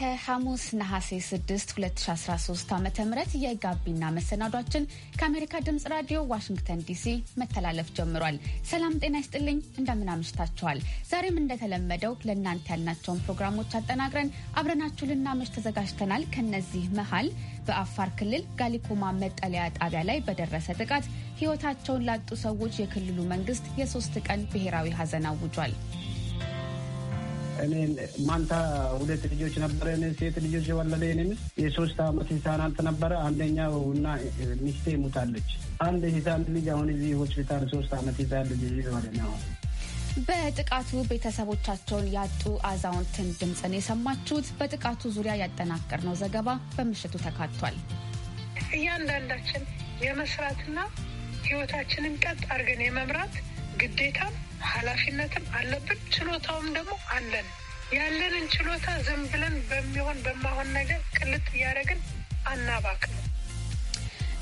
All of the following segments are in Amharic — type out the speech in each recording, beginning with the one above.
ከሐሙስ ነሐሴ 6 2013 ዓ ም የጋቢና መሰናዷችን ከአሜሪካ ድምፅ ራዲዮ ዋሽንግተን ዲሲ መተላለፍ ጀምሯል። ሰላም ጤና ይስጥልኝ፣ እንደምናምሽታችኋል። ዛሬም እንደተለመደው ለእናንተ ያልናቸውን ፕሮግራሞች አጠናቅረን አብረናችሁ ልናመሽ ተዘጋጅተናል። ከነዚህ መሀል በአፋር ክልል ጋሊኮማ መጠለያ ጣቢያ ላይ በደረሰ ጥቃት ሕይወታቸውን ላጡ ሰዎች የክልሉ መንግስት የሶስት ቀን ብሔራዊ ሀዘን አውጇል። እኔ ማንታ ሁለት ልጆች ነበረ። እኔ ሴት ልጆች የወለደ ኔምስ የሶስት አመት ህጻናት ነበረ። አንደኛው እና ሚስቴ ሙታለች። አንድ ህጻን ልጅ አሁን እዚህ ሆስፒታል ሶስት አመት ህጻን ልጅ ይዘዋለ ነው። በጥቃቱ ቤተሰቦቻቸውን ያጡ አዛውንትን ድምፅን የሰማችሁት። በጥቃቱ ዙሪያ ያጠናቀርነው ዘገባ በምሽቱ ተካቷል። እያንዳንዳችን የመስራትና ህይወታችንን ቀጥ አድርገን የመምራት ግዴታም ኃላፊነትም አለብን። ችሎታውም ደግሞ አለን። ያለንን ችሎታ ዝም ብለን በሚሆን በማሆን ነገር ቅልጥ እያደረግን አናባክም።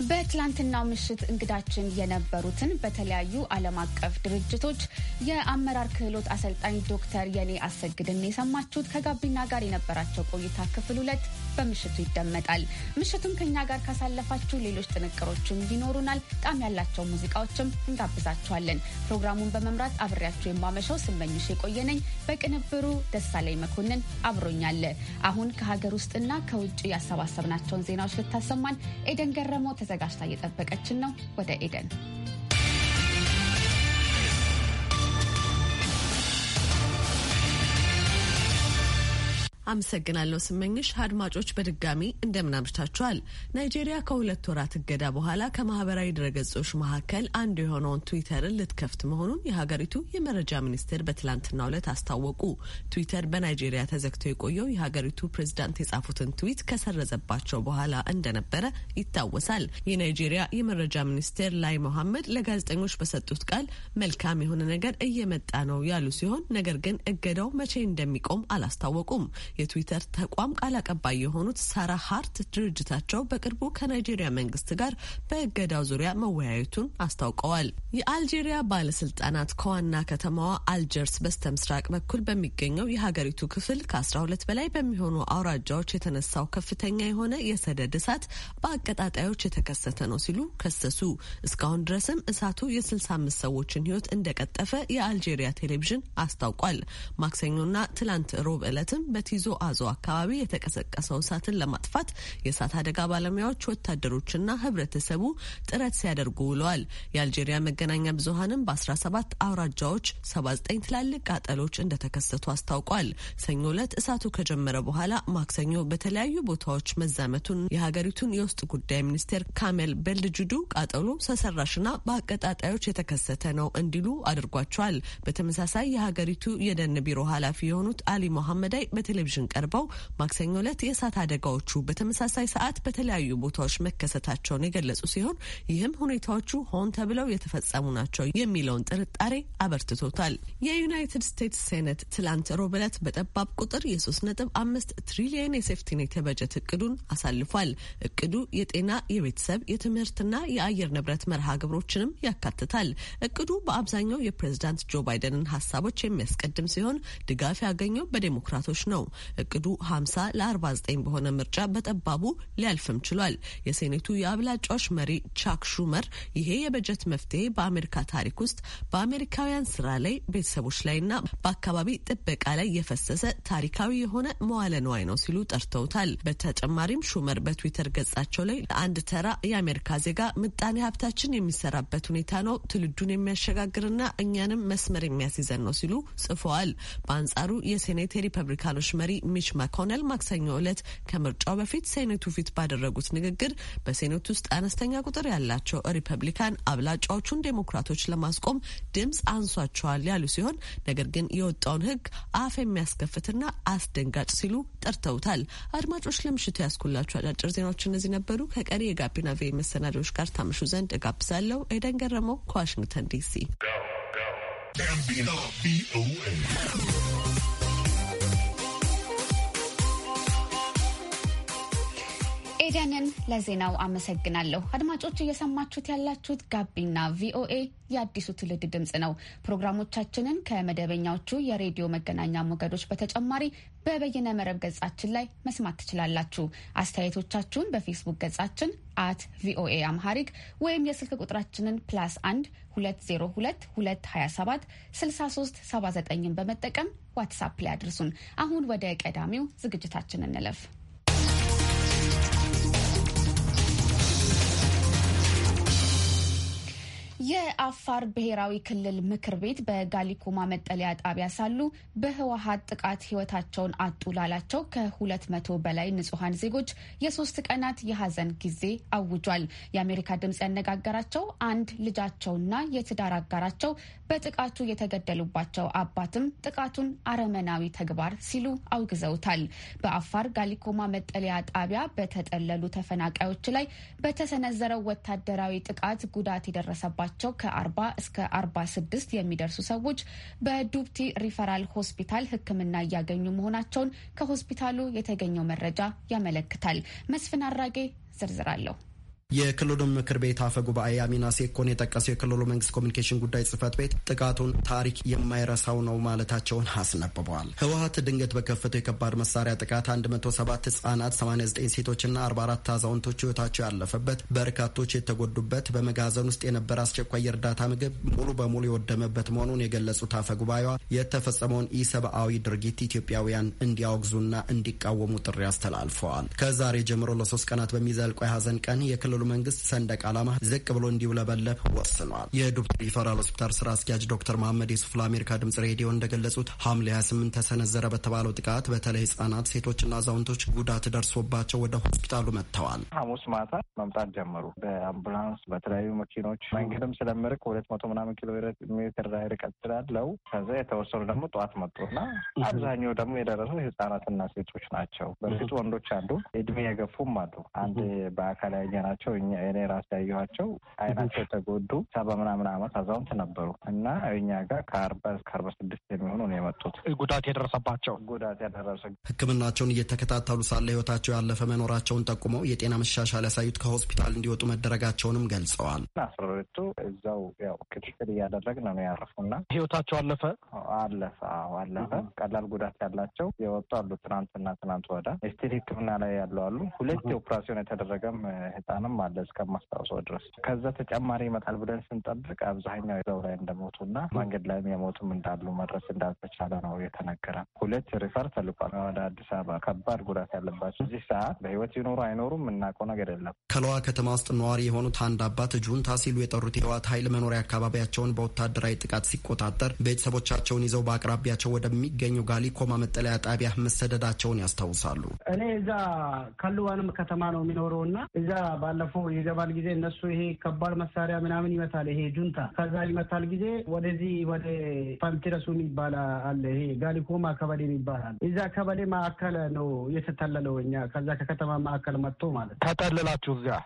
በትላንትናው ምሽት እንግዳችን የነበሩትን በተለያዩ ዓለም አቀፍ ድርጅቶች የአመራር ክህሎት አሰልጣኝ ዶክተር የኔ አሰግድን የሰማችሁት ከጋቢና ጋር የነበራቸው ቆይታ ክፍል ሁለት በምሽቱ ይደመጣል። ምሽቱን ከኛ ጋር ካሳለፋችሁ ሌሎች ጥንቅሮችም ይኖሩናል። ጣም ያላቸው ሙዚቃዎችም እንጋብዛችኋለን። ፕሮግራሙን በመምራት አብሬያችሁ የማመሸው ስመኝሽ የቆየነኝ፣ በቅንብሩ ደሳለኝ መኮንን አብሮኛለ። አሁን ከሀገር ውስጥና ከውጭ ያሰባሰብናቸውን ዜናዎች ልታሰማን ኤደን ገረመው ተዘጋጅታ እየጠበቀችን ነው። ወደ ኤደን አመሰግናለሁ ስመኝሽ። አድማጮች በድጋሚ እንደምናምሽታችኋል። ናይጄሪያ ከሁለት ወራት እገዳ በኋላ ከማህበራዊ ድረገጾች መካከል አንዱ የሆነውን ትዊተርን ልትከፍት መሆኑን የሀገሪቱ የመረጃ ሚኒስቴር በትላንትናው ዕለት አስታወቁ። ትዊተር በናይጄሪያ ተዘግቶ የቆየው የሀገሪቱ ፕሬዚዳንት የጻፉትን ትዊት ከሰረዘባቸው በኋላ እንደነበረ ይታወሳል። የናይጄሪያ የመረጃ ሚኒስቴር ላይ መሐመድ ለጋዜጠኞች በሰጡት ቃል መልካም የሆነ ነገር እየመጣ ነው ያሉ ሲሆን ነገር ግን እገዳው መቼ እንደሚቆም አላስታወቁም። የትዊተር ተቋም ቃል አቀባይ የሆኑት ሳራ ሃርት ድርጅታቸው በቅርቡ ከናይጄሪያ መንግስት ጋር በእገዳው ዙሪያ መወያየቱን አስታውቀዋል። የአልጄሪያ ባለስልጣናት ከዋና ከተማዋ አልጀርስ በስተ ምስራቅ በኩል በሚገኘው የሀገሪቱ ክፍል ከ12 በላይ በሚሆኑ አውራጃዎች የተነሳው ከፍተኛ የሆነ የሰደድ እሳት በአቀጣጣዮች የተከሰተ ነው ሲሉ ከሰሱ። እስካሁን ድረስም እሳቱ የ65 ሰዎችን ህይወት እንደቀጠፈ የአልጄሪያ ቴሌቪዥን አስታውቋል። ማክሰኞና ትላንት ሮብ ዕለትም በቲዞ አዞ አካባቢ የተቀሰቀሰው እሳትን ለማጥፋት የእሳት አደጋ ባለሙያዎች፣ ወታደሮችና ህብረተሰቡ ጥረት ሲያደርጉ ውለዋል። የአልጄሪያ መገናኛ ብዙሀንም በ17 አውራጃዎች 79 ትላልቅ ቃጠሎች እንደተከሰቱ አስታውቋል። ሰኞ ዕለት እሳቱ ከጀመረ በኋላ ማክሰኞ በተለያዩ ቦታዎች መዛመቱን የሀገሪቱን የውስጥ ጉዳይ ሚኒስቴር ካሜል በልጅዱ ቃጠሎ ሰሰራሽና በአቀጣጣዮች የተከሰተ ነው እንዲሉ አድርጓቸዋል። በተመሳሳይ የሀገሪቱ የደን ቢሮ ኃላፊ የሆኑት አሊ ሞሐመዳይ በቴሌቪዥን ቴሌቪዥን ቀርበው ማክሰኞ ዕለት የእሳት አደጋዎቹ በተመሳሳይ ሰዓት በተለያዩ ቦታዎች መከሰታቸውን የገለጹ ሲሆን ይህም ሁኔታዎቹ ሆን ተብለው የተፈጸሙ ናቸው የሚለውን ጥርጣሬ አበርትቶታል። የዩናይትድ ስቴትስ ሴኔት ትላንት ሮብ ዕለት በጠባብ ቁጥር የሶስት ነጥብ አምስት ትሪሊየን የሴፍቲኔት የበጀት እቅዱን አሳልፏል። እቅዱ የጤና፣ የቤተሰብ፣ የትምህርትና የአየር ንብረት መርሃ ግብሮችንም ያካትታል። እቅዱ በአብዛኛው የፕሬዝዳንት ጆ ባይደንን ሀሳቦች የሚያስቀድም ሲሆን ድጋፍ ያገኘው በዴሞክራቶች ነው። እቅዱ 50 ለ49 በሆነ ምርጫ በጠባቡ ሊያልፍም ችሏል። የሴኔቱ የአብላጫዎች መሪ ቻክ ሹመር ይሄ የበጀት መፍትሄ በአሜሪካ ታሪክ ውስጥ በአሜሪካውያን ስራ ላይ፣ ቤተሰቦች ላይና በአካባቢ ጥበቃ ላይ የፈሰሰ ታሪካዊ የሆነ መዋለ ንዋይ ነው ሲሉ ጠርተውታል። በተጨማሪም ሹመር በትዊተር ገጻቸው ላይ ለአንድ ተራ የአሜሪካ ዜጋ ምጣኔ ሀብታችን የሚሰራበት ሁኔታ ነው፣ ትውልዱን የሚያሸጋግርና እኛንም መስመር የሚያስይዘን ነው ሲሉ ጽፈዋል። በአንጻሩ የሴኔት የሪፐብሊካኖች መሪ አማካሪ ሚች ማኮነል ማክሰኞ ዕለት ከምርጫው በፊት ሴኔቱ ፊት ባደረጉት ንግግር በሴኔት ውስጥ አነስተኛ ቁጥር ያላቸው ሪፐብሊካን አብላጫዎቹን ዴሞክራቶች ለማስቆም ድምፅ አንሷቸዋል ያሉ ሲሆን ነገር ግን የወጣውን ሕግ አፍ የሚያስከፍትና አስደንጋጭ ሲሉ ጠርተውታል። አድማጮች ለምሽቱ ያስኩላችሁ አጫጭር ዜናዎች እነዚህ ነበሩ። ከቀሪ የጋቢና ቪ መሰናዶዎች ጋር ታምሹ ዘንድ እጋብዛለሁ። ኤደን ገረመው ከዋሽንግተን ዲሲ እንግዳይዳንን ለዜናው አመሰግናለሁ። አድማጮች እየሰማችሁት ያላችሁት ጋቢና ቪኦኤ የአዲሱ ትውልድ ድምፅ ነው። ፕሮግራሞቻችንን ከመደበኛዎቹ የሬዲዮ መገናኛ ሞገዶች በተጨማሪ በበይነ መረብ ገጻችን ላይ መስማት ትችላላችሁ። አስተያየቶቻችሁን በፌስቡክ ገጻችን አት ቪኦኤ አምሃሪክ ወይም የስልክ ቁጥራችንን ፕላስ 1 202 227 63 79ን በመጠቀም ዋትሳፕ ላይ አድርሱን። አሁን ወደ ቀዳሚው ዝግጅታችን እንለፍ። የአፋር ብሔራዊ ክልል ምክር ቤት በጋሊኮማ መጠለያ ጣቢያ ሳሉ በህወሀት ጥቃት ህይወታቸውን አጡ ላላቸው ከሁለት መቶ በላይ ንጹሐን ዜጎች የሶስት ቀናት የሀዘን ጊዜ አውጇል። የአሜሪካ ድምጽ ያነጋገራቸው አንድ ልጃቸውና የትዳር አጋራቸው በጥቃቱ የተገደሉባቸው አባትም ጥቃቱን አረመናዊ ተግባር ሲሉ አውግዘውታል። በአፋር ጋሊኮማ መጠለያ ጣቢያ በተጠለሉ ተፈናቃዮች ላይ በተሰነዘረው ወታደራዊ ጥቃት ጉዳት የደረሰባቸው ከ40 እስከ 46 የሚደርሱ ሰዎች በዱብቲ ሪፈራል ሆስፒታል ሕክምና እያገኙ መሆናቸውን ከሆስፒታሉ የተገኘው መረጃ ያመለክታል። መስፍን አራጌ ዝርዝራለሁ። የክልሉ ምክር ቤት አፈ ጉባኤ አሚና ሴኮን የጠቀሰው የክልሉ መንግስት ኮሚኒኬሽን ጉዳይ ጽህፈት ቤት ጥቃቱን ታሪክ የማይረሳው ነው ማለታቸውን አስነብበዋል። ህወሀት ድንገት በከፈተው የከባድ መሳሪያ ጥቃት 107 ህጻናት፣ 89 ሴቶችና 44 አዛውንቶች ህይወታቸው ያለፈበት በርካቶች የተጎዱበት በመጋዘን ውስጥ የነበረ አስቸኳይ የእርዳታ ምግብ ሙሉ በሙሉ የወደመበት መሆኑን የገለጹት አፈ ጉባኤዋ የተፈጸመውን ኢሰብአዊ ድርጊት ኢትዮጵያውያን እንዲያወግዙና እንዲቃወሙ ጥሪ አስተላልፈዋል። ከዛሬ ጀምሮ ለሶስት ቀናት በሚዘልቀው የሀዘን ቀን የክልሉ የክልሉ መንግስት ሰንደቅ ዓላማ ዝቅ ብሎ እንዲውለበለብ ወስኗል። የዱብቲ ሪፈራል ሆስፒታል ስራ አስኪያጅ ዶክተር መሐመድ የሱፍ ለአሜሪካ ድምጽ ሬዲዮ እንደገለጹት ሐምሌ 28 ተሰነዘረ በተባለው ጥቃት በተለይ ህጻናት፣ ሴቶችና አዛውንቶች ጉዳት ደርሶባቸው ወደ ሆስፒታሉ መጥተዋል። ሐሙስ ማታ መምጣት ጀመሩ። በአምቡላንስ በተለያዩ መኪኖች መንገድም ስለምርቅ ሁለት መቶ ምናምን ኪሎ ሜትር ላይ ርቀት ስላለው ከዛ የተወሰኑ ደግሞ ጠዋት መጡና አብዛኛው ደግሞ የደረሰው ህጻናትና ሴቶች ናቸው። በእርግጥ ወንዶች አሉ፣ እድሜ የገፉም አሉ። አንድ በአካል ያየናቸው ያየኋቸው እኛ እኔ ራሴ ያየኋቸው አይናቸው የተጎዱ ሰባ ምናምን አመት አዛውንት ነበሩ እና እኛ ጋር ከአርባ እስከ አርባ ስድስት የሚሆኑ ነው የመጡት ጉዳት የደረሰባቸው ጉዳት ያደረሰ ሕክምናቸውን እየተከታተሉ ሳለ ህይወታቸው ያለፈ መኖራቸውን ጠቁመው የጤና መሻሻል ያሳዩት ከሆስፒታል እንዲወጡ መደረጋቸውንም ገልጸዋል። አስራ ሁለቱ እዛው ያው ክትትል እያደረግን ነው ያረፉና ህይወታቸው አለፈ አለፈ አለፈ። ቀላል ጉዳት ያላቸው የወጡ አሉ። ትናንትና ትናንት ወዳ ስቲል ህክምና ላይ ያለው አሉ። ሁለት የኦፕራሲዮን የተደረገም ህጻንም አለ እስከማስታውሰው ድረስ። ከዛ ተጨማሪ ይመጣል ብለን ስንጠብቅ አብዛኛው ዘው ላይ እንደሞቱና መንገድ ላይም የሞቱም እንዳሉ መድረስ እንዳልተቻለ ነው የተነገረ። ሁለት ሪፈር ተልቋል ወደ አዲስ አበባ ከባድ ጉዳት ያለባቸው እዚህ ሰዓት በህይወት ይኖሩ አይኖሩም እናውቀው ነገር የለም። ከለዋ ከተማ ውስጥ ነዋሪ የሆኑት አንድ አባት ጁንታ ሲሉ የጠሩት የህወሓት ኃይል መኖሪያ አካባቢያቸውን በወታደራዊ ጥቃት ሲቆጣጠር ቤተሰቦቻቸውን ይዘው በአቅራቢያቸው ወደሚገኙ ጋሊኮማ መጠለያ ጣቢያ መሰደዳቸውን ያስታውሳሉ። እኔ እዛ ከልዋንም ከተማ ነው የሚኖረው እና እዛ ባለ አልፎ ይገባል ጊዜ እነሱ ይሄ ከባድ መሳሪያ ምናምን ይመታል። ይሄ ጁንታ ከዛ ይመታል ጊዜ ወደዚህ ወደ ፓንቲረሱ የሚባል አለ። ይሄ ጋሊኮማ ከበሌ ይባላል። እዛ ከበሌ ማዕከል ነው የተጠለለው። እኛ ከዛ ከከተማ ማዕከል መጥቶ ማለት ተጠልላችሁ እዚያ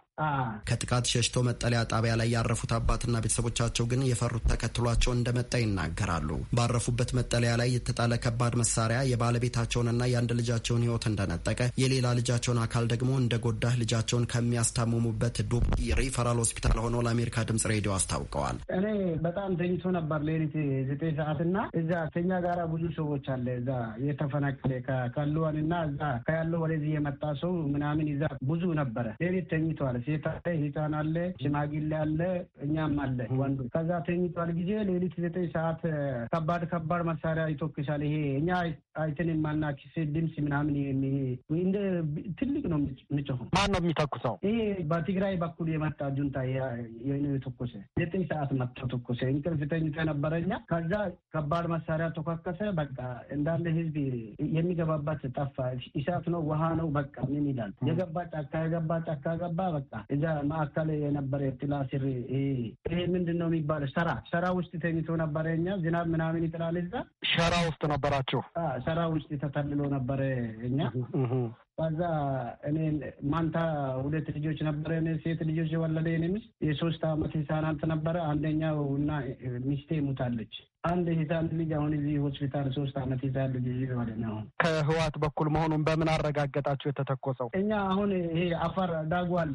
ከጥቃት ሸሽቶ መጠለያ ጣቢያ ላይ ያረፉት አባትና ቤተሰቦቻቸው ግን የፈሩት ተከትሏቸው እንደመጣ ይናገራሉ። ባረፉበት መጠለያ ላይ የተጣለ ከባድ መሳሪያ የባለቤታቸውንና የአንድ ልጃቸውን ሕይወት እንደነጠቀ የሌላ ልጃቸውን አካል ደግሞ እንደ ጎዳህ ልጃቸውን ከሚያስታምሙበት ዱብቲ ሪፈራል ሆስፒታል ሆኖ ለአሜሪካ ድምጽ ሬዲዮ አስታውቀዋል። እኔ በጣም ተኝቶ ነበር ሌሊት ዘጠኝ ሰዓት እና እዛ ከኛ ጋራ ብዙ ሰዎች አለ እዛ የተፈናቀለ ካሉዋን እና እዛ ከያለው ወደዚህ የመጣ ሰው ምናምን ይዛ ብዙ ነበረ ሌሊት ተኝተዋል። ሴት አለ፣ ህፃን አለ፣ ሽማግሌ አለ፣ እኛም አለ ወንዱ። ከዛ ተኝቷል ጊዜ ሌሊት ዘጠኝ ሰዓት ከባድ ከባድ መሳሪያ ይቶክሻል። ይሄ እኛ አይተን ኪሴ ድምፅ ምናምን እንደ ትልቅ ነው የሚጮኸው። ማን ነው የሚተኩሰው? ይሄ በትግራይ በኩል የመጣ ጁንታ ነው የተኮሰ። ዘጠኝ ሰዓት መጥቶ ተኮሰ። እንቅልፍ ተኝቶ ነበረኛ ከዛ ከባድ መሳሪያ ተኳከሰ። በቃ እንዳለ ህዝብ የሚገባበት ጠፋ። እሳት ነው ውሃ ነው በቃ ምን ይላል የገባ ጫካ የገባ ጫካ ገባ። በቃ እዛ ማዕከል የነበረ ጥላ ስር ይሄ ምንድን ነው የሚባለው ሰራ ሰራ ውስጥ ተኝቶ ነበረኛ ዝናብ ምናምን ይጥላል። እዛ ሸራ ውስጥ ነበራችሁ? ሰራ ውስጥ ተጠልሎ ነበረ እኛ ከዛ እኔ ማንታ ሁለት ልጆች ነበረ። እኔ ሴት ልጆች የወለደ ኔ ሚስት የሶስት አመት ህፃናት ነበረ። አንደኛው እና ሚስቴ ሙታለች። አንድ ህፃን ልጅ አሁን እዚህ ሆስፒታል ሶስት አመት ህፃን ልጅ ማለት ነው። ከህዋት በኩል መሆኑን በምን አረጋገጣችሁ? የተተኮሰው እኛ አሁን ይሄ አፋር ዳጓል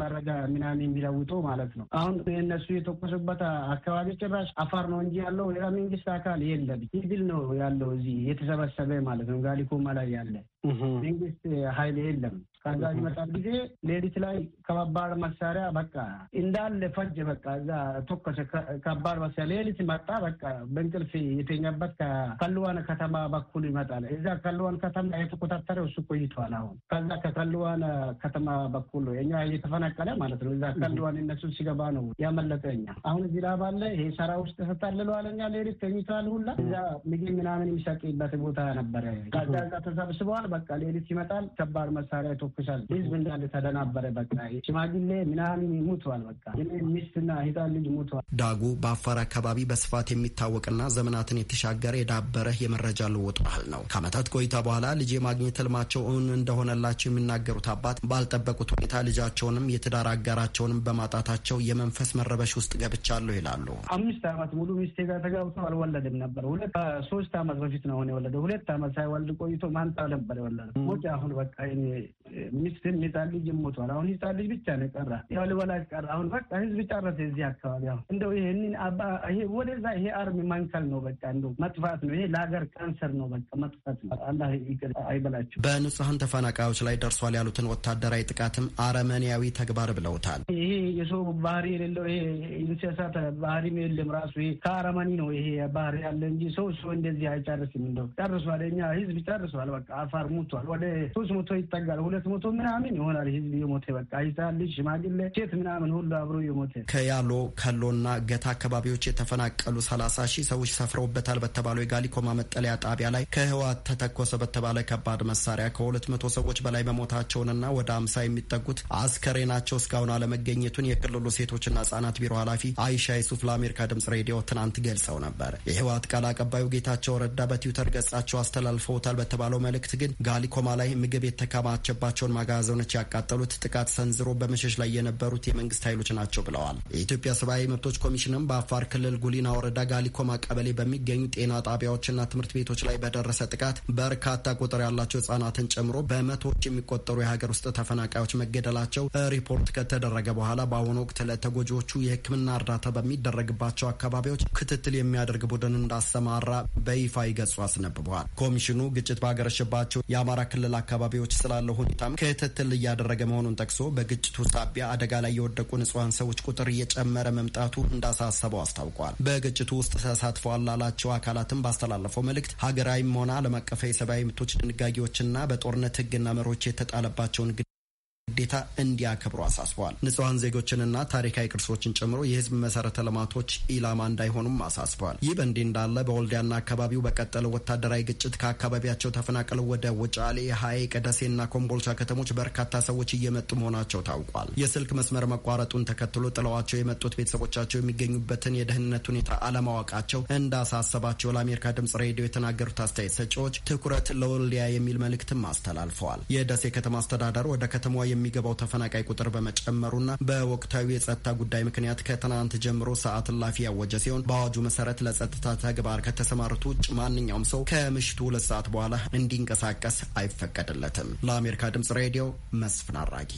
መረጃ ምናምን የሚለውጡ ማለት ነው። አሁን እነሱ የተኮሱበት አካባቢ ጭራሽ አፋር ነው እንጂ ያለው ሌላ መንግስት አካል የለም። ይድል ነው ያለው እዚህ የተሰበሰበ ማለት ነው። ጋሊኮማ ላይ ያለ መንግስት ሀይል የለም። ከዛ ይመጣል ጊዜ ሌሊት ላይ ከባባድ መሳሪያ በቃ እንዳለ ፈጅ በቃ እዛ ተኮሰ። ከባድ መሳሪያ ሌሊት መጣ። በቃ በእንቅልፍ የተኛበት ከከልዋን ከተማ በኩል ይመጣል። እዛ ከልዋን ከተማ የተቆጣጠረ እሱ ቆይቷል። አሁን ከዛ ከከልዋን ከተማ በኩል እኛ እየተፈናቀለ ማለት ነው። እዛ ከልዋን እነሱ ሲገባ ነው ያመለጠ። እኛ አሁን እዚህ ላባ ይሄ ሰራ ውስጥ ተታልለዋል። እኛ ሌሊት ተኝተዋል ሁላ። እዛ ምግብ ምናምን የሚሰጥበት ቦታ ነበረ። ከዛ ተሰብስበዋል በቃ ሌሊት ይመጣል፣ ከባድ መሳሪያ ይተኩሳል። ህዝብ እንዳለ ተደናበረ። በቃ ሽማግሌ ምናምን ሙተዋል። በቃ ሚስትና ህፃን ልጅ ሙተዋል። ዳጉ በአፋር አካባቢ በስፋት የሚታወቅና ዘመናትን የተሻገረ የዳበረ የመረጃ ልውውጥ ባህል ነው። ከዓመታት ቆይታ በኋላ ልጅ የማግኘት ህልማቸው እውን እንደሆነላቸው የሚናገሩት አባት ባልጠበቁት ሁኔታ ልጃቸውንም የትዳር አጋራቸውንም በማጣታቸው የመንፈስ መረበሽ ውስጥ ገብቻለሁ ይላሉ። አምስት ዓመት ሙሉ ሚስቴ ጋር ተጋብቶ አልወለድም ነበር። ሁለት ሶስት ዓመት በፊት ነው የወለደ። ሁለት ዓመት ሳይወልድ ቆይቶ ማንጣ ነበር የወለደ ሞጭ አሁን በቃ ሚስት ህጻን ልጅ ሞቷል። አሁን ህጻን ልጅ ብቻ ነው ቀራ፣ ያው ልበላጅ ቀራ። አሁን በቃ ህዝብ ጨረሰ። እዚህ አካባቢ አሁን እንደው ይህንን ይሄ ወደዛ ይሄ አርሚ ማንከል ነው በቃ እንደ መጥፋት ነው። ይሄ ለሀገር ካንሰር ነው በቃ መጥፋት ነው። አላህ ይቅር አይበላቸው። በንጹሐን ተፈናቃዮች ላይ ደርሷል ያሉትን ወታደራዊ ጥቃትም አረመኔያዊ ተግባር ብለውታል። ይሄ የሰው ባህሪ የሌለው ይሄ እንስሳት ባህሪም የለም ራሱ ይሄ ከአረመኒ ነው ይሄ ባህሪ ያለ እንጂ ሰው ሰው እንደዚህ አይጨርስም። እንደው ጨርሷል፣ እኛ ህዝብ ጨርሷል። በቃ አፋር ሙቶ ደርሷል። ወደ ሶስት መቶ ይጠጋል። ሁለት መቶ ምናምን ይሆናል ህዝብ የሞተ በቃ ይዛል ልጅ፣ ሽማግሌ፣ ሴት ምናምን ሁሉ አብሮ የሞተ ከያሎ ከሎና ገታ አካባቢዎች የተፈናቀሉ ሰላሳ ሺህ ሰዎች ሰፍረውበታል በተባለው የጋሊኮማ መጠለያ ጣቢያ ላይ ከህወሓት ተተኮሰ በተባለ ከባድ መሳሪያ ከሁለት መቶ ሰዎች በላይ መሞታቸውንና ወደ አምሳ የሚጠጉት አስከሬናቸው እስካሁን አለመገኘቱን የክልሉ ሴቶችና ህጻናት ቢሮ ኃላፊ አይሻ ይሱፍ ለአሜሪካ ድምጽ ሬዲዮ ትናንት ገልጸው ነበር። የህወሓት ቃል አቀባዩ ጌታቸው ረዳ በትዊተር ገጻቸው አስተላልፈውታል በተባለው መልእክት ግን ጋ ሊኮማ ላይ ምግብ የተከማቸባቸውን ማጋዘኖች ያቃጠሉት ጥቃት ሰንዝሮ በመሸሽ ላይ የነበሩት የመንግስት ኃይሎች ናቸው ብለዋል። የኢትዮጵያ ሰብአዊ መብቶች ኮሚሽንም በአፋር ክልል ጉሊና ወረዳ ጋሊኮማ ቀበሌ በሚገኙ ጤና ጣቢያዎችና ትምህርት ቤቶች ላይ በደረሰ ጥቃት በርካታ ቁጥር ያላቸው ህጻናትን ጨምሮ በመቶዎች የሚቆጠሩ የሀገር ውስጥ ተፈናቃዮች መገደላቸው ሪፖርት ከተደረገ በኋላ በአሁኑ ወቅት ለተጎጂዎቹ የህክምና እርዳታ በሚደረግባቸው አካባቢዎች ክትትል የሚያደርግ ቡድን እንዳሰማራ በይፋ ይገጹ አስነብበዋል። ኮሚሽኑ ግጭት ባገረሸባቸው የአማ በአማራ ክልል አካባቢዎች ስላለው ሁኔታም ክትትል እያደረገ መሆኑን ጠቅሶ በግጭቱ ሳቢያ አደጋ ላይ የወደቁ ንጹሐን ሰዎች ቁጥር እየጨመረ መምጣቱ እንዳሳሰበው አስታውቋል። በግጭቱ ውስጥ ተሳትፈዋል ላላቸው አካላትም ባስተላለፈው መልእክት ሀገራዊም ሆነ ዓለም አቀፋዊ የሰብአዊ መብቶች ድንጋጌዎችና በጦርነት ህግና መሮች የተጣለባቸውን ግዴታ እንዲያከብሩ አሳስበዋል። ንጹሐን ዜጎችንና ታሪካዊ ቅርሶችን ጨምሮ የህዝብ መሰረተ ልማቶች ኢላማ እንዳይሆኑም አሳስበዋል። ይህ በእንዲህ እንዳለ በወልዲያና አካባቢው በቀጠለው ወታደራዊ ግጭት ከአካባቢያቸው ተፈናቅለው ወደ ውጫሌ፣ ሀይቅ፣ ደሴና ኮምቦልቻ ከተሞች በርካታ ሰዎች እየመጡ መሆናቸው ታውቋል። የስልክ መስመር መቋረጡን ተከትሎ ጥለዋቸው የመጡት ቤተሰቦቻቸው የሚገኙበትን የደህንነት ሁኔታ አለማወቃቸው እንዳሳሰባቸው ለአሜሪካ ድምጽ ሬዲዮ የተናገሩት አስተያየት ሰጪዎች ትኩረት ለወልዲያ የሚል መልእክትም አስተላልፈዋል። የደሴ ከተማ አስተዳደር ወደ ከተማዋ የሚገባው ተፈናቃይ ቁጥር በመጨመሩና በወቅታዊ የጸጥታ ጉዳይ ምክንያት ከትናንት ጀምሮ ሰዓት እላፊ ያወጀ ሲሆን በአዋጁ መሰረት ለጸጥታ ተግባር ከተሰማሩት ውጭ ማንኛውም ሰው ከምሽቱ ሁለት ሰዓት በኋላ እንዲንቀሳቀስ አይፈቀድለትም። ለአሜሪካ ድምጽ ሬዲዮ መስፍን አራጊ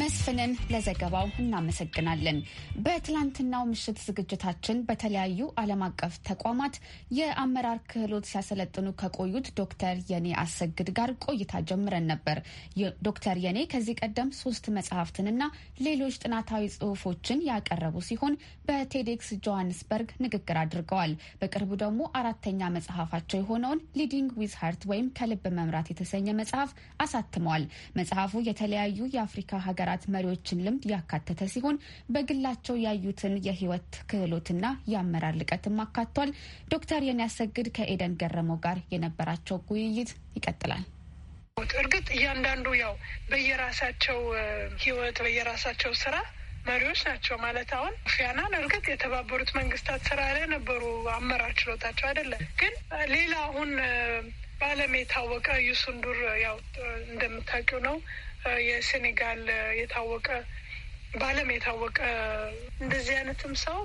መስፍንን ለዘገባው እናመሰግናለን። በትላንትናው ምሽት ዝግጅታችን በተለያዩ ዓለም አቀፍ ተቋማት የአመራር ክህሎት ሲያሰለጥኑ ከቆዩት ዶክተር የኔ አሰግድ ጋር ቆይታ ጀምረን ነበር። ዶክተር የኔ ከዚህ ቀደም ሶስት መጽሐፍትንና ሌሎች ጥናታዊ ጽሑፎችን ያቀረቡ ሲሆን በቴዴክስ ጆሃንስበርግ ንግግር አድርገዋል። በቅርቡ ደግሞ አራተኛ መጽሐፋቸው የሆነውን ሊዲንግ ዊዝ ወይም ከልብ መምራት የተሰኘ መጽሐፍ አሳትመዋል። መጽሐፉ የተለያዩ የአፍሪካ ሀገር ሀገራት መሪዎችን ልምድ ያካተተ ሲሆን በግላቸው ያዩትን የህይወት ክህሎትና የአመራር ልቀትም አካቷል። ዶክተር የሚያሰግድ ከኤደን ገረመው ጋር የነበራቸው ውይይት ይቀጥላል። እርግጥ እያንዳንዱ ያው በየራሳቸው ህይወት በየራሳቸው ስራ መሪዎች ናቸው ማለት አሁን ፊያናን እርግጥ የተባበሩት መንግስታት ስራ ላይ ነበሩ። አመራር ችሎታቸው አይደለም ግን ሌላ አሁን በዓለም የታወቀ ዩሱንዱር ያው እንደምታውቂው ነው። የሴኔጋል የታወቀ በዓለም የታወቀ እንደዚህ አይነትም ሰው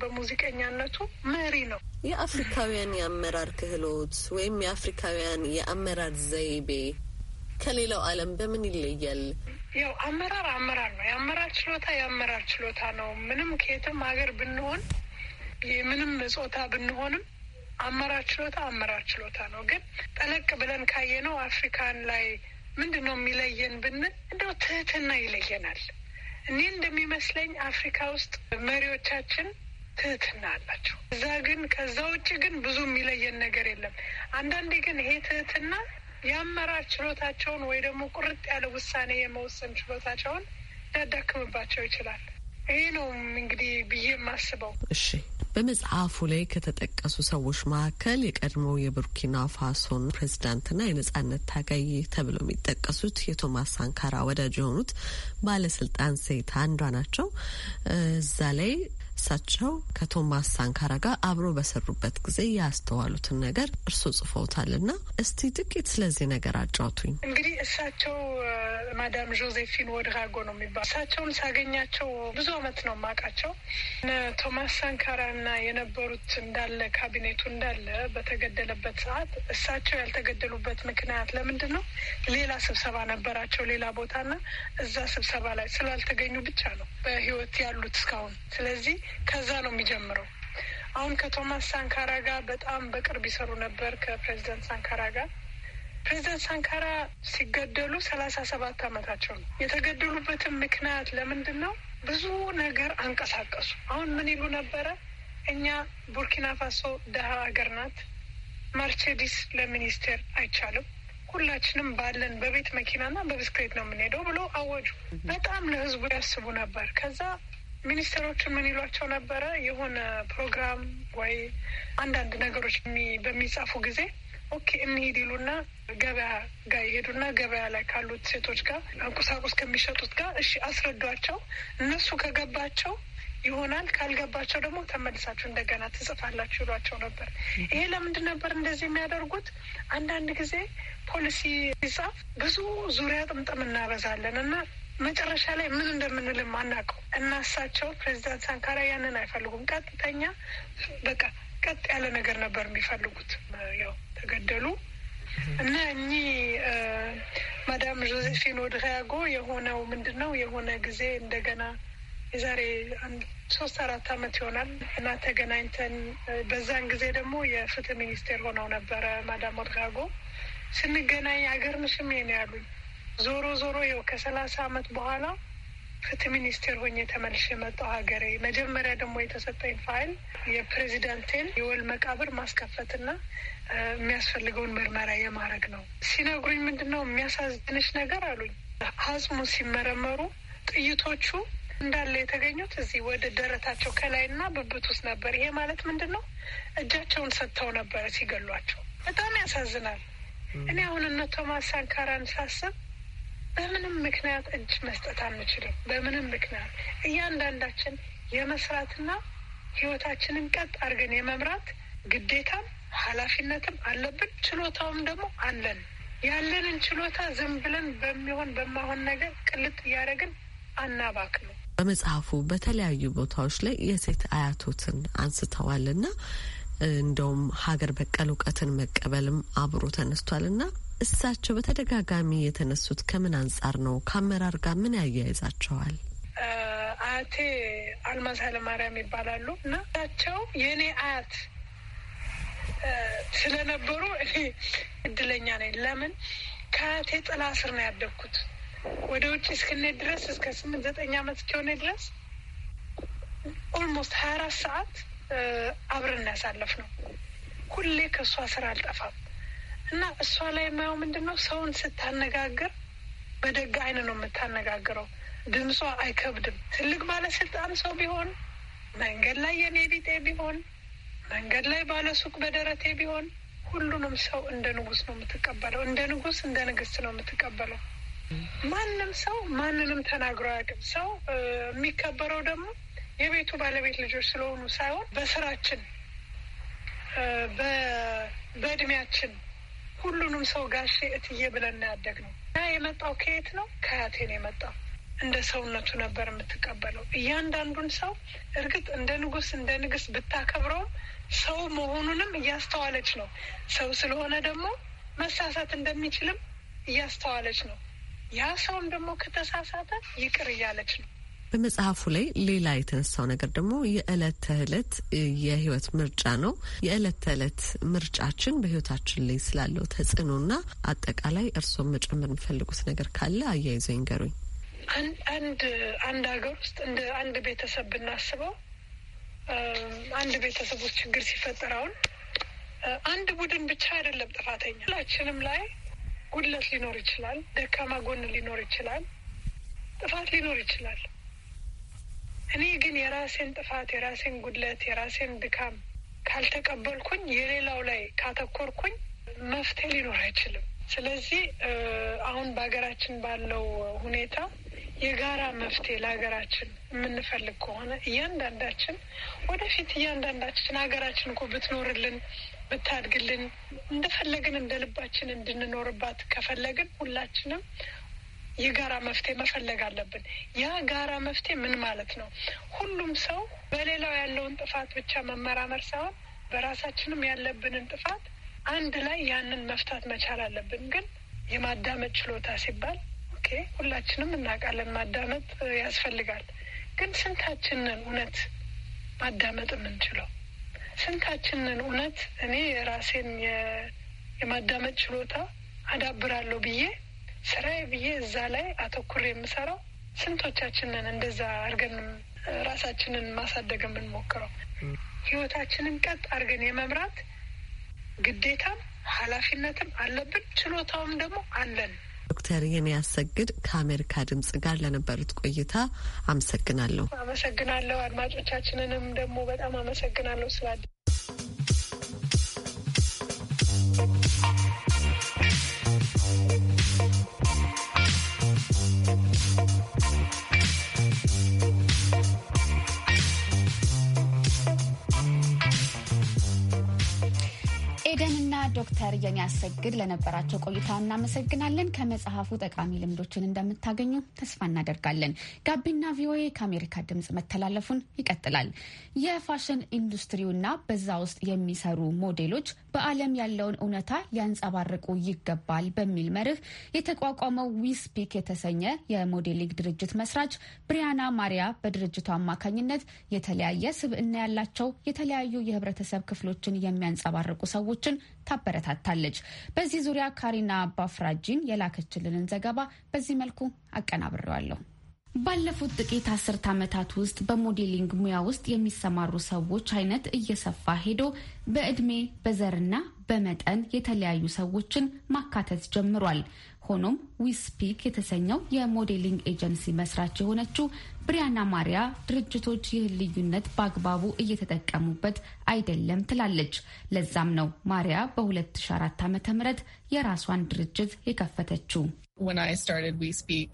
በሙዚቀኛነቱ መሪ ነው። የአፍሪካውያን የአመራር ክህሎት ወይም የአፍሪካውያን የአመራር ዘይቤ ከሌላው ዓለም በምን ይለያል? ያው አመራር አመራር ነው። የአመራር ችሎታ የአመራር ችሎታ ነው። ምንም ከየትም ሀገር ብንሆን ምንም ጾታ ብንሆንም አመራር ችሎታ አመራር ችሎታ ነው። ግን ጠለቅ ብለን ካየነው አፍሪካን ላይ ምንድን ነው የሚለየን ብንል እንደው ትህትና ይለየናል። እኔ እንደሚመስለኝ አፍሪካ ውስጥ መሪዎቻችን ትህትና አላቸው። እዛ ግን ከዛ ውጭ ግን ብዙ የሚለየን ነገር የለም። አንዳንዴ ግን ይሄ ትህትና የአመራር ችሎታቸውን ወይ ደግሞ ቁርጥ ያለ ውሳኔ የመወሰን ችሎታቸውን ሊያዳክምባቸው ይችላል። ይሄ ነው እንግዲህ ብዬ የማስበው። እሺ በመጽሐፉ ላይ ከተጠቀሱ ሰዎች መካከል የቀድሞው የቡርኪና ፋሶን ፕሬዚዳንትና የነጻነት ታጋይ ተብለው የሚጠቀሱት የቶማስ ሳንካራ ወዳጅ የሆኑት ባለስልጣን ሴት አንዷ ናቸው። እዛ ላይ እሳቸው ከቶማስ ሳንካራ ጋር አብሮ በሰሩበት ጊዜ ያስተዋሉትን ነገር እርሶ ጽፎውታል ና እስቲ ጥቂት ስለዚህ ነገር አጫውቱኝ። እንግዲህ እሳቸው ማዳም ጆዜፊን ወድራጎ ነው የሚባሉ እሳቸውን ሳገኛቸው ብዙ አመት ነው የማውቃቸው። ቶማስ ሳንካራ እና የነበሩት እንዳለ ካቢኔቱ እንዳለ በተገደለበት ሰዓት እሳቸው ያልተገደሉበት ምክንያት ለምንድን ነው? ሌላ ስብሰባ ነበራቸው ሌላ ቦታና እዛ ስብሰባ ላይ ስላልተገኙ ብቻ ነው በህይወት ያሉት እስካሁን ስለዚህ ከዛ ነው የሚጀምረው። አሁን ከቶማስ ሳንካራ ጋር በጣም በቅርብ ይሰሩ ነበር ከፕሬዚደንት ሳንካራ ጋር። ፕሬዚደንት ሳንካራ ሲገደሉ ሰላሳ ሰባት አመታቸው ነው። የተገደሉበትን ምክንያት ለምንድን ነው? ብዙ ነገር አንቀሳቀሱ። አሁን ምን ይሉ ነበረ? እኛ ቡርኪና ፋሶ ደሀ ሀገር ናት። መርቼዲስ ለሚኒስቴር አይቻልም። ሁላችንም ባለን በቤት መኪናና በብስክሌት ነው የምንሄደው ብሎ አወጁ። በጣም ለህዝቡ ያስቡ ነበር። ከዛ ሚኒስትሮች ምን ይሏቸው ነበረ? የሆነ ፕሮግራም ወይ አንዳንድ ነገሮች በሚጻፉ ጊዜ ኦኬ እንሄድ ይሉና ገበያ ጋር ይሄዱና ገበያ ላይ ካሉት ሴቶች ጋር ቁሳቁስ ከሚሸጡት ጋር እሺ አስረዷቸው። እነሱ ከገባቸው ይሆናል ካልገባቸው ደግሞ ተመልሳችሁ እንደገና ትጽፋላችሁ ይሏቸው ነበር። ይሄ ለምንድን ነበር እንደዚህ የሚያደርጉት? አንዳንድ ጊዜ ፖሊሲ ሲጻፍ ብዙ ዙሪያ ጥምጥም እናበዛለን እና መጨረሻ ላይ ምን እንደምንልም አናውቀው እና እሳቸው ፕሬዚዳንት ሳንካራ ያንን አይፈልጉም። ቀጥተኛ በቃ ቀጥ ያለ ነገር ነበር የሚፈልጉት። ያው ተገደሉ እና እኚህ ማዳም ዦዜፊን ወድሪያጎ የሆነው ምንድን ነው የሆነ ጊዜ እንደገና የዛሬ ሶስት አራት ዓመት ይሆናል እና ተገናኝተን በዛን ጊዜ ደግሞ የፍትህ ሚኒስቴር ሆነው ነበረ ማዳም ወድሪያጎ ስንገናኝ አገር ምሽም ነው ያሉኝ ዞሮ ዞሮ ይኸው ከሰላሳ አመት በኋላ ፍትህ ሚኒስቴር ሆኜ ተመልሼ መጣሁ ሀገሬ። መጀመሪያ ደግሞ የተሰጠኝ ፋይል የፕሬዚዳንቴን የወል መቃብር ማስከፈትና የሚያስፈልገውን ምርመራ የማድረግ ነው። ሲነግሩኝ ምንድን ነው የሚያሳዝንሽ ነገር አሉኝ። አጽሙ ሲመረመሩ ጥይቶቹ እንዳለ የተገኙት እዚህ ወደ ደረታቸው ከላይና ብብት ውስጥ ነበር። ይሄ ማለት ምንድን ነው? እጃቸውን ሰጥተው ነበረ ሲገሏቸው። በጣም ያሳዝናል። እኔ አሁን እነ ቶማስ ሳንካራን ሳስብ በምንም ምክንያት እጅ መስጠት አንችልም። በምንም ምክንያት እያንዳንዳችን የመስራትና ህይወታችንን ቀጥ አድርገን የመምራት ግዴታም ኃላፊነትም አለብን። ችሎታውም ደግሞ አለን። ያለንን ችሎታ ዝም ብለን በሚሆን በማሆን ነገር ቅልጥ እያደረግን አናባክ ነው። በመጽሐፉ በተለያዩ ቦታዎች ላይ የሴት አያቶትን አንስተዋልና እንደውም ሀገር በቀል እውቀትን መቀበልም አብሮ ተነስቷልና እሳቸው በተደጋጋሚ የተነሱት ከምን አንጻር ነው? ከአመራር ጋር ምን ያያይዛቸዋል? አያቴ አልማዝ ኃይለማርያም ይባላሉ እና እሳቸው የእኔ አያት ስለነበሩ እኔ እድለኛ ነኝ። ለምን ከአያቴ ጥላ ስር ነው ያደግኩት። ወደ ውጭ እስክኔ ድረስ እስከ ስምንት ዘጠኝ ዓመት እስኪሆነ ድረስ ኦልሞስት ሀያ አራት ሰዓት አብረን ያሳለፍ ነው። ሁሌ ከእሷ ስራ አልጠፋም። እና እሷ ላይ የማየው ምንድን ነው ሰውን ስታነጋግር በደግ አይን ነው የምታነጋግረው። ድምጿ አይከብድም። ትልቅ ባለስልጣን ሰው ቢሆን መንገድ ላይ የኔ ቢጤ ቢሆን መንገድ ላይ ባለሱቅ በደረቴ ቢሆን ሁሉንም ሰው እንደ ንጉስ ነው የምትቀበለው። እንደ ንጉስ እንደ ንግስት ነው የምትቀበለው። ማንም ሰው ማንንም ተናግሮ አያውቅም። ሰው የሚከበረው ደግሞ የቤቱ ባለቤት ልጆች ስለሆኑ ሳይሆን በስራችን በእድሜያችን ሁሉንም ሰው ጋሼ እትዬ ብለን ነው ያደግነው እና የመጣው ከየት ነው? ከአያቴን የመጣው እንደ ሰውነቱ ነበር የምትቀበለው እያንዳንዱን ሰው። እርግጥ እንደ ንጉስ እንደ ንግስ ብታከብረውም ሰው መሆኑንም እያስተዋለች ነው። ሰው ስለሆነ ደግሞ መሳሳት እንደሚችልም እያስተዋለች ነው። ያ ሰውም ደግሞ ከተሳሳተ ይቅር እያለች ነው። በመጽሐፉ ላይ ሌላ የተነሳው ነገር ደግሞ የእለት ተእለት የህይወት ምርጫ ነው። የእለት ተዕለት ምርጫችን በህይወታችን ላይ ስላለው ተጽዕኖና አጠቃላይ እርስዎም መጨመር የሚፈልጉት ነገር ካለ አያይዘው ይንገሩኝ። አንድ አንድ ሀገር ውስጥ እንደ አንድ ቤተሰብ ብናስበው አንድ ቤተሰብ ውስጥ ችግር ሲፈጠር አሁን አንድ ቡድን ብቻ አይደለም ጥፋተኛ። ሁላችንም ላይ ጉድለት ሊኖር ይችላል፣ ደካማ ጎን ሊኖር ይችላል፣ ጥፋት ሊኖር ይችላል። እኔ ግን የራሴን ጥፋት የራሴን ጉድለት የራሴን ድካም ካልተቀበልኩኝ የሌላው ላይ ካተኮርኩኝ መፍትሄ ሊኖር አይችልም። ስለዚህ አሁን በሀገራችን ባለው ሁኔታ የጋራ መፍትሄ ለሀገራችን የምንፈልግ ከሆነ እያንዳንዳችን ወደፊት እያንዳንዳችን ሀገራችን እኮ ብትኖርልን ብታድግልን እንደፈለግን እንደ ልባችን እንድንኖርባት ከፈለግን ሁላችንም የጋራ መፍትሄ መፈለግ አለብን። ያ ጋራ መፍትሄ ምን ማለት ነው? ሁሉም ሰው በሌላው ያለውን ጥፋት ብቻ መመራመር ሳይሆን በራሳችንም ያለብንን ጥፋት አንድ ላይ ያንን መፍታት መቻል አለብን። ግን የማዳመጥ ችሎታ ሲባል ኦኬ ሁላችንም እናውቃለን፣ ማዳመጥ ያስፈልጋል። ግን ስንታችንን እውነት ማዳመጥ የምንችለው ስንታችንን እውነት እኔ ራሴን የማዳመጥ ችሎታ አዳብራለሁ ብዬ ስራዬ ብዬ እዛ ላይ አተኩር የምሰራው ስንቶቻችንን እንደዛ አርገን ራሳችንን ማሳደግ የምንሞክረው ህይወታችንን ቀጥ አድርገን የመምራት ግዴታም ኃላፊነትም አለብን። ችሎታውም ደግሞ አለን። ዶክተር የሚያሰግድ ከአሜሪካ ድምጽ ጋር ለነበሩት ቆይታ አመሰግናለሁ። አመሰግናለሁ። አድማጮቻችንንም ደግሞ በጣም አመሰግናለሁ ስላለ ዶክተር የሚያሰግድ ለነበራቸው ቆይታ እናመሰግናለን። ከመጽሐፉ ጠቃሚ ልምዶችን እንደምታገኙ ተስፋ እናደርጋለን። ጋቢና ቪኦኤ ከአሜሪካ ድምጽ መተላለፉን ይቀጥላል። የፋሽን ኢንዱስትሪውና በዛ ውስጥ የሚሰሩ ሞዴሎች በዓለም ያለውን እውነታ ሊያንጸባርቁ ይገባል በሚል መርህ የተቋቋመው ዊስፒክ የተሰኘ የሞዴሊንግ ድርጅት መስራች ብሪያና ማሪያ በድርጅቱ አማካኝነት የተለያየ ስብዕና ያላቸው የተለያዩ የህብረተሰብ ክፍሎችን የሚያንጸባርቁ ሰዎችን ታበ ታበረታታለች። በዚህ ዙሪያ ካሪና ባፍራጂን የላከችልንን ዘገባ በዚህ መልኩ አቀናብሬዋለሁ። ባለፉት ጥቂት አስርት ዓመታት ውስጥ በሞዴሊንግ ሙያ ውስጥ የሚሰማሩ ሰዎች አይነት እየሰፋ ሄዶ በእድሜ በዘርና በመጠን የተለያዩ ሰዎችን ማካተት ጀምሯል። ሆኖም ዊስፒክ የተሰኘው የሞዴሊንግ ኤጀንሲ መስራች የሆነችው ብሪያና ማሪያ ድርጅቶች ይህን ልዩነት በአግባቡ እየተጠቀሙበት አይደለም ትላለች። ለዛም ነው ማሪያ በ2004 ም የራሷን ድርጅት የከፈተችው። When I started WeSpeak,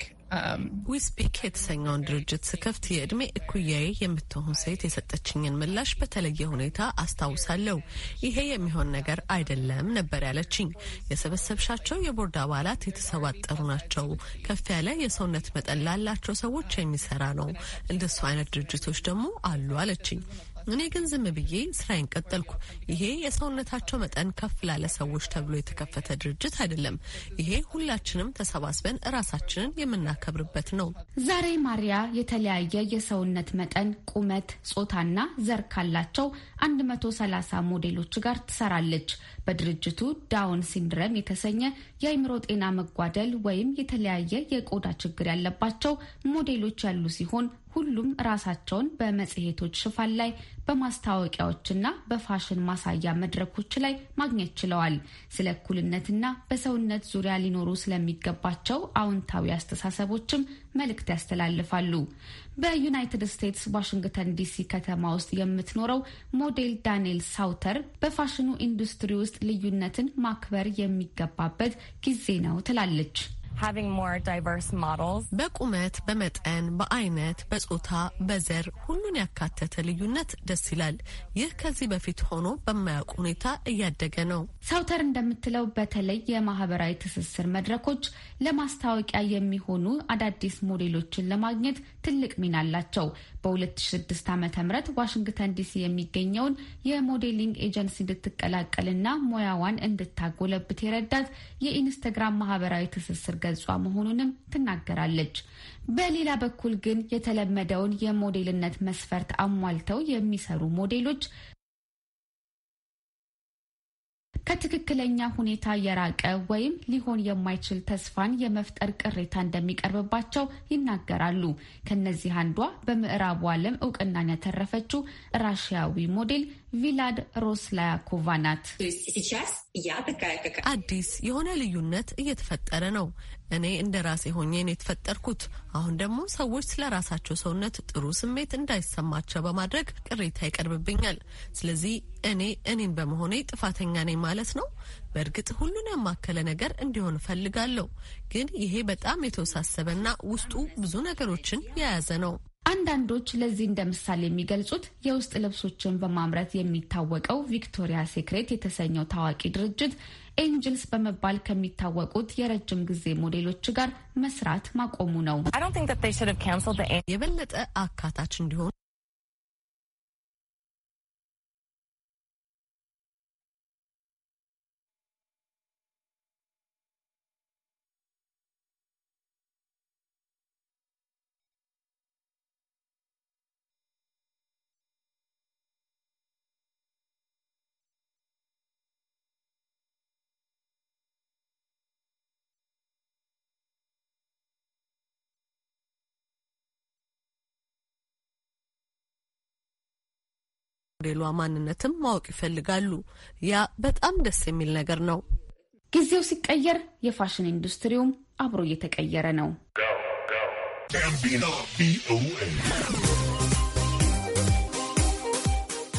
ዊስፒክ የተሰኘውን ድርጅት ስከፍት የእድሜ እኩያዬ የምትሆን ሴት የሰጠችኝን ምላሽ በተለየ ሁኔታ አስታውሳለሁ። ይሄ የሚሆን ነገር አይደለም ነበር ያለችኝ። የሰበሰብሻቸው የቦርድ አባላት የተሰባጠሩ ናቸው። ከፍ ያለ የሰውነት መጠን ላላቸው ሰዎች የሚሰራ ነው። እንደሱ አይነት ድርጅቶች ደግሞ አሉ አለችኝ። እኔ ግን ዝም ብዬ ስራዬን ቀጠልኩ። ይሄ የሰውነታቸው መጠን ከፍ ላለ ሰዎች ተብሎ የተከፈተ ድርጅት አይደለም። ይሄ ሁላችንም ተሰባስበን እራሳችንን የምናከብርበት ነው። ዛሬ ማሪያ የተለያየ የሰውነት መጠን፣ ቁመት፣ ጾታና ዘር ካላቸው 130 ሞዴሎች ጋር ትሰራለች። በድርጅቱ ዳውን ሲንድረም የተሰኘ የአይምሮ ጤና መጓደል ወይም የተለያየ የቆዳ ችግር ያለባቸው ሞዴሎች ያሉ ሲሆን ሁሉም ራሳቸውን በመጽሔቶች ሽፋን ላይ በማስታወቂያዎችና በፋሽን ማሳያ መድረኮች ላይ ማግኘት ችለዋል። ስለ እኩልነትና በሰውነት ዙሪያ ሊኖሩ ስለሚገባቸው አዎንታዊ አስተሳሰቦችም መልእክት ያስተላልፋሉ። በዩናይትድ ስቴትስ ዋሽንግተን ዲሲ ከተማ ውስጥ የምትኖረው ሞዴል ዳንኤል ሳውተር በፋሽኑ ኢንዱስትሪ ውስጥ ልዩነትን ማክበር የሚገባበት ጊዜ ነው ትላለች። በቁመት፣ በመጠን፣ በአይነት፣ በጾታ፣ በዘር ሁሉን ያካተተ ልዩነት ደስ ይላል። ይህ ከዚህ በፊት ሆኖ በማያውቅ ሁኔታ እያደገ ነው። ሰውተር እንደምትለው በተለይ የማህበራዊ ትስስር መድረኮች ለማስታወቂያ የሚሆኑ አዳዲስ ሞዴሎችን ለማግኘት ትልቅ ሚና አላቸው። በ2006 ዓ ም ዋሽንግተን ዲሲ የሚገኘውን የሞዴሊንግ ኤጀንሲ እንድትቀላቀልና ሙያዋን እንድታጎለብት የረዳት የኢንስተግራም ማህበራዊ ትስስር ገጿ መሆኑንም ትናገራለች። በሌላ በኩል ግን የተለመደውን የሞዴልነት መስፈርት አሟልተው የሚሰሩ ሞዴሎች ከትክክለኛ ሁኔታ የራቀ ወይም ሊሆን የማይችል ተስፋን የመፍጠር ቅሬታ እንደሚቀርብባቸው ይናገራሉ። ከነዚህ አንዷ በምዕራቡ ዓለም እውቅናን ያተረፈችው ራሽያዊ ሞዴል ቪላድ ሮስላያኮቫ ናት። አዲስ የሆነ ልዩነት እየተፈጠረ ነው። እኔ እንደ ራሴ ሆኜ ነው የተፈጠርኩት። አሁን ደግሞ ሰዎች ስለ ራሳቸው ሰውነት ጥሩ ስሜት እንዳይሰማቸው በማድረግ ቅሬታ ይቀርብብኛል። ስለዚህ እኔ እኔን በመሆኔ ጥፋተኛ ነኝ ማለት ነው። በእርግጥ ሁሉን ያማከለ ነገር እንዲሆን እፈልጋለሁ፣ ግን ይሄ በጣም የተወሳሰበና ውስጡ ብዙ ነገሮችን የያዘ ነው። አንዳንዶች ለዚህ እንደ ምሳሌ የሚገልጹት የውስጥ ልብሶችን በማምረት የሚታወቀው ቪክቶሪያ ሴክሬት የተሰኘው ታዋቂ ድርጅት ኤንጅልስ በመባል ከሚታወቁት የረጅም ጊዜ ሞዴሎች ጋር መስራት ማቆሙ ነው። የበለጠ አካታች እንዲሆን ሞዴሏ ማንነትም ማወቅ ይፈልጋሉ። ያ በጣም ደስ የሚል ነገር ነው። ጊዜው ሲቀየር የፋሽን ኢንዱስትሪውም አብሮ እየተቀየረ ነው።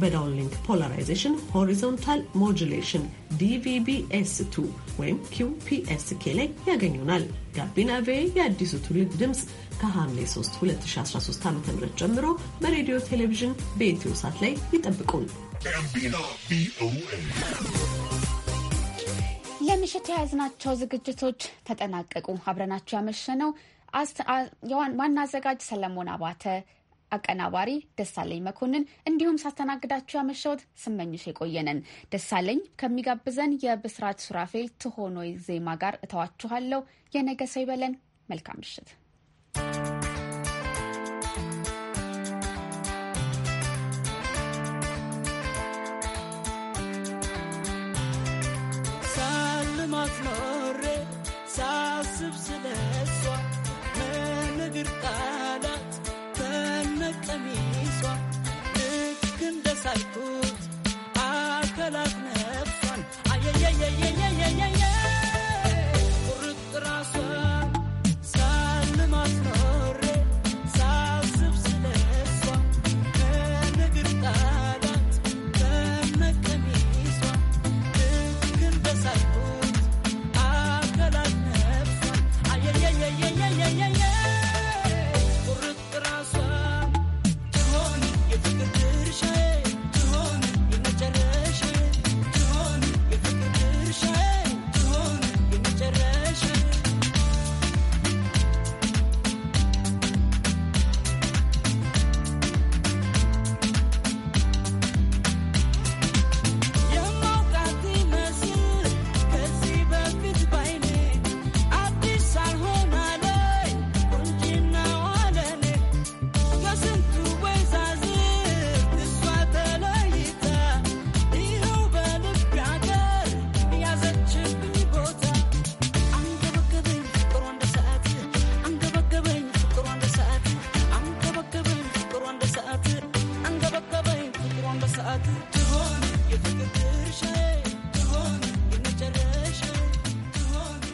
በዳውንሊንክ ፖላራይዜሽን ሆሪዞንታል ሞጁሌሽን ዲቪቢኤስ2 ወይም ኪውፒኤስኬ ላይ ያገኙናል። ጋቢና ቬ የአዲሱ ትውልድ ድምፅ ከሐምሌ 3 2013 ዓ ም ጀምሮ በሬዲዮ ቴሌቪዥን፣ በኢትዮ ሳት ላይ ይጠብቁን። ለምሽት የያዝናቸው ዝግጅቶች ተጠናቀቁ። አብረናቸው ያመሸነው ዋና አዘጋጅ ሰለሞን አባተ አቀናባሪ ደሳለኝ መኮንን እንዲሁም ሳስተናግዳችሁ ያመሸሁት ስመኝሽ የቆየንን ደሳለኝ ከሚጋብዘን የብስራት ሱራፌል ትሆኖይ ዜማ ጋር እተዋችኋለሁ። የነገ ሰው ይበለን። መልካም ምሽት። ሳይቱት አከላት ነፍሷን አየየየየየየየ ቁርጥ